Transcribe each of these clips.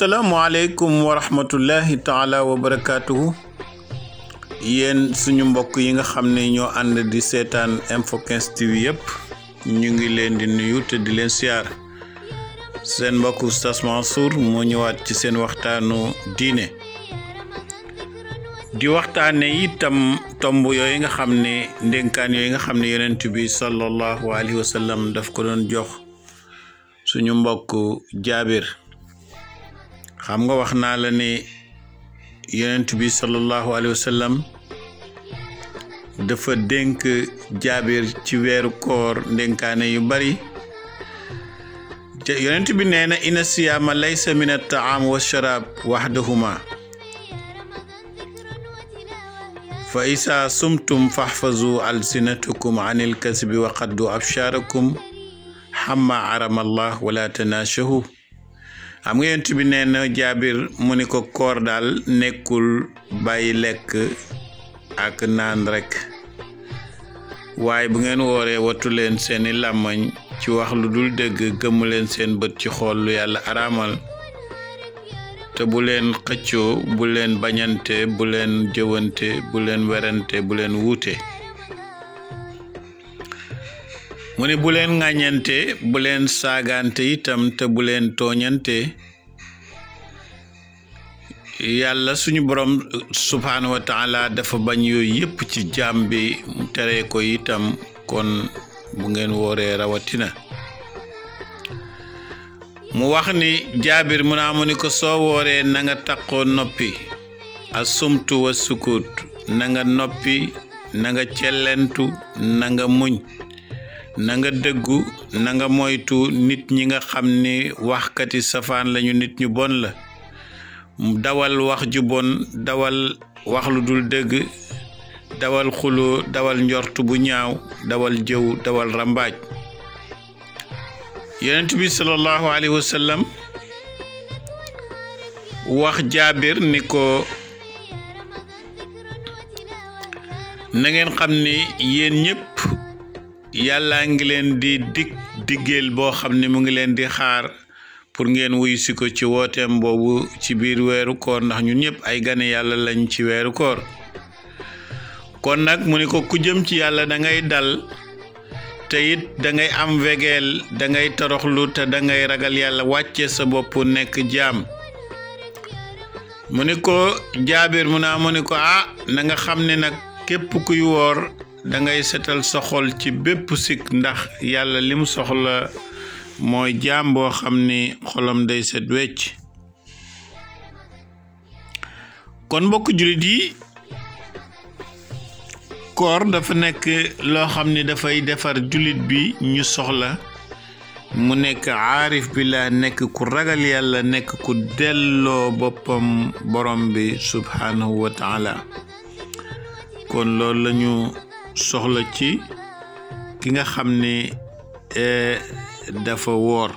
asalaamualeykum wa rahmatullahi taala wa barakaatuhu yéen suñu mbokk yi nga xam ne ñoo ànd di seetaan Info 15 TV yëpp ñu ngi leen di nuyu te di leen siyaar seen mbokk Oustaz Mansour moo ñëwaat ci seen waxtaanu diine di waxtaane itam tomb yooyu nga xam ne ndénkaan yooyu nga xam ne yonent bi sallallahu alayhi wa sallam daf ko doon jox suñu mbokk jaabir xam nga wax naa la ne yonent bi sallallahu alayhi wa dafa dénk jaabir ci weeru koor ndénkaane yu bari te bi nee na ina siyaama laysa min attaam wa sharaab waxdahuma fa isaa sumtum faxfazu alsinatakum an ilkasbi wa qaddu abshaarakum xamma arama allah wala tanaashahu xam nga yonent bi neena na jaabir mu ni ko koor daal nekkul bàyyi lekk ak naan rekk waaye bu ngeen wooree wattu leen seeni làmmañ ci wax lu dul dëgg gëmm leen seen bët ci xool lu yàlla araamal te bu leen xëccoo bu leen bañante bu leen jëwante bu leen werante bu leen wuute woni bulen ŋayante bulen sagante itam te bulen toñante yalla suñu borom subhanahu wa ta'ala dafa bañ yoy yépp ci jambi mu tere ko itam kon bu ngeen woore rawatina mu wax ni jaabir mu naa mu ni ko soo wooree na nga taqoo noppi a sumtu wa sukut na nga noppi na nga cellentu na nga muñ nanga nga dëggu moytu nit ñi nga xam ni waxkati safaan lañu nit ñu bon la dawal wax ju bon dawal wax dul dëgg dawal xuloo dawal njort bu ñaaw dawal jëw dawal rambaaj yonent bi sallallahu alayhi wa wax jaabir ni ko na ngeen xam ni yéen ñëpp yàllaa ngi leen di dig diggéel boo xam ne mu ngi leen di xaar pour ngeen wuyusi ko ci wooteem boobu ci biir weeru koor ndax ñu ñëpp ay gane yàlla lañu ci weeru koor kon nag mu ne ko ku jëm ci yàlla dangay dal te it da ngay am wegeel da toroxlu te dangay ragal yàlla wàcce sa boppu nekk jaam mu ne ko jaabir mu naa mu ne ko ah nanga xam ne nag képp kuy woor dangay seetal sa xol ci bépp sikk ndax yàlla limu mu soxla mooy jaam boo xam ni xolam day set wecc kon mbokk jullit yi koor dafa nekk loo xam ni dafay defar jullit bi ñu soxla mu nekk aarif bi la nekk ku ragal yàlla nekk ku delloo boppam borom bi subhaanahu wa kon loolu lañu soxla ci ki nga xam ni e, dafa woor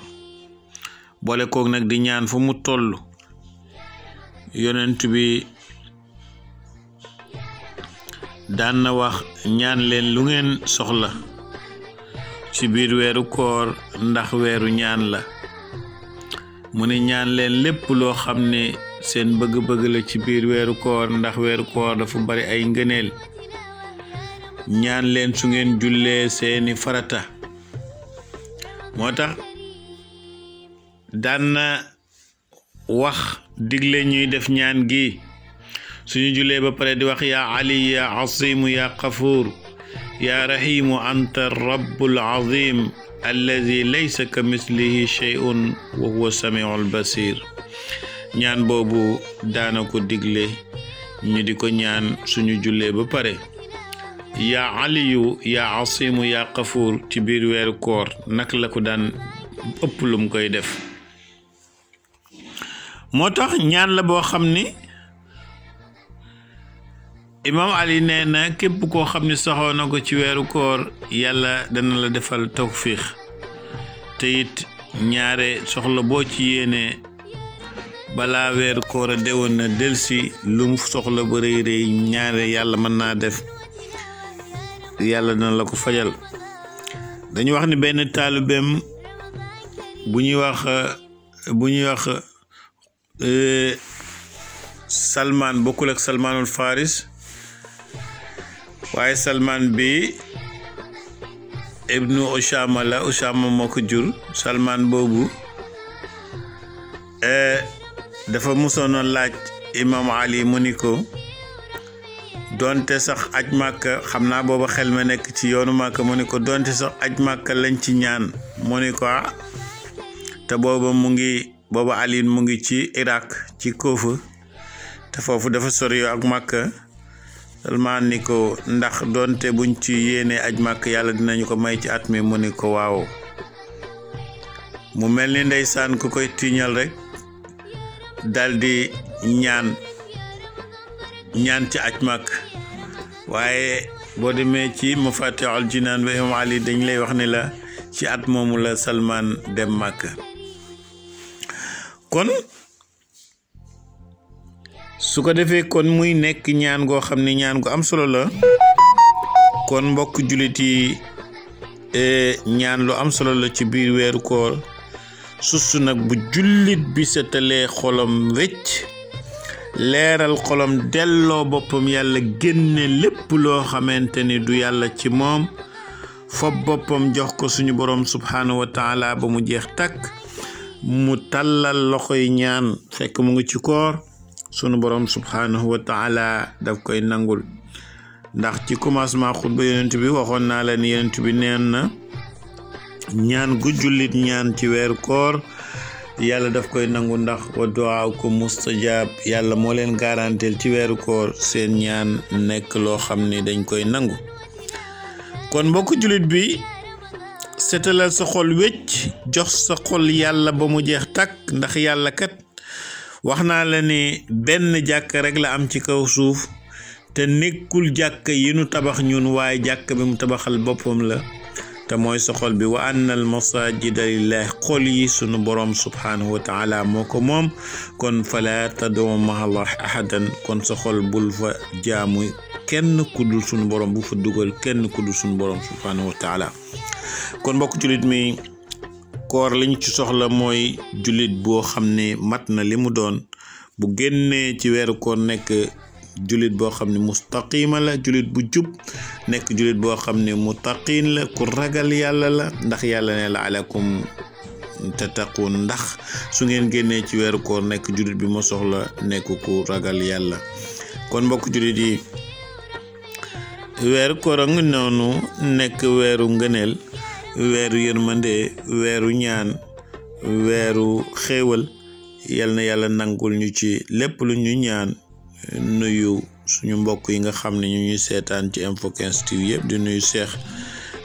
boole nag di ñaan fu mu tollu yonent bi daan na wax ñaan leen lu ngeen soxla ci biir weeru koor ndax weeru ñaan la mu ne ñaan leen lépp loo xam ne seen bëgg-bëgg la ci biir weeru koor ndax weeru koor dafa bari ay ngëneel ñaan leen su ngeen jullee seeni farata moo tax daan na wax digle ñuy def ñaan gi suñu jullee ba pare di wax yaa ali ya asimu ya qafuur ya rahimu anta rabbul azim alladi laysa ka mislihi shay'un wa huwa samiul basir ñaan boobu daana ko digle ñu di ko ñaan suñu jullee ba pare yaa aliyu yaa asimu yaa xafuur ci biir weeru koor naka la ko daan ëpp lum koy def moo tax ñaan la boo xam ni imaam ali nee na képp koo xam ni soxoo na ko ci weeru koor yàlla dana la defal tawfiix te it ñaare soxla boo ci yéenee balaa weeru koor a dewoon na delsi lum soxla ba rëy rëy ñaare yàlla mën naa def yàlla na la ko fajal dañu wax ni benn taalibeem bu ñuy wax bu ñuy wax euh, Salman bokkul ak Salmanul Faris waaye salmaan bi ibnu Ushama la Ushama moo ko boobu euh, dafa musoon a laaj imaam Ali mu ni donte sax aj màkka xam naa booba xel ma nekk ci yoonu màkka mu ni ko donte sax aj màkka lañ ci ñaan mu ni ko ah, te booba mu ngi booba Alioune mu ngi ci Irak ci Koofa te foofu dafa sori ak màkka seulement ni ko ndax donte buñ ci yéenee aj màkk yàlla dinañu ko may ci at mi mu ni ko waaw mu mel ni ndeysaan ku koy tiiñal rek daldi ñaan ñaan ci aj màkk waaye boo demee ci mafatihul jinaan ba imam ali dañ lay wax ni la ci at moomu la salmaan dem màkk kon su ko defee kon muy nekk ñaan goo xam ne ñaan gu am solo la kon mbokk jullit yi e, ñaan lu am solo la ci biir weeru koor susu nag bu jullit bi setalee xolam wecc leeral xolom delloo boppam yàlla génne lépp loo xamante ni du yàlla ci moom fob boppam jox ko suñu boroom subhaanahu wa taala ba mu jeex takk mu tàllal loxoy ñaan fekk mu ngi ci koor sunu boroom subhaanahu wa taala koy nangul ndax ci commencement xutba yonent bi waxoon naa la ni yonent bi neen na ñaan gu ñaan ci weeru koor yàlla daf koy nangu ndax wa du'aakum mustajab yàlla moo leen garanteel ci weeru koor seen ñaan nekk loo xam ni dañ koy nangu kon mbokk jullit bi setalal sa xol wecc jox sa xol yàlla ba mu jeex tàkk ndax yàlla kat wax naa la ne benn jàkk rekk la am ci kaw suuf te nekkul jàkk yi nu tabax ñun waaye jàkk bi mu tabaxal boppam la te mooy sa xol bi wa anna al masajida lillah qul yi sunu borom subhanahu wa taala moko mom kon fala ma allah ahadan kon sa xol bul fa jamu kenn kuddul sunu borom bu fa duggal kenn kuddul sunu borom subhanahu wa taala kon bokku julit mi koor liñ ci soxla mooy julit boo xam ne mat na li mu doon bu génnee ci weeru koor nekk julit boo xam ne mustaqima la julit bu jub nekk julit boo xam mutaqin la ku ragal yàlla la ndax yàlla ne la alakum tattaqun ndax su ngeen génnee ci weeru koor nekk julit bi ma soxla nekk ku ragal yàlla kon mbokk julit yi weeru koor a ngi noonu nekk weeru ñaan yal na nangul ñu ci lépp lu ñu ñaan nuyu suñu mbokk yi nga xam ne ñu ñuy seetaan ci info 15 yëpp di nuyu seex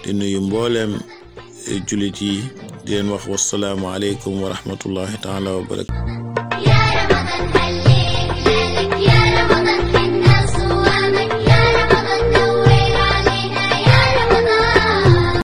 di nuyu mbooleem eh, jullit yi di leen wax wasalaamu aleykum wa rahmatullahi taala wa barakatu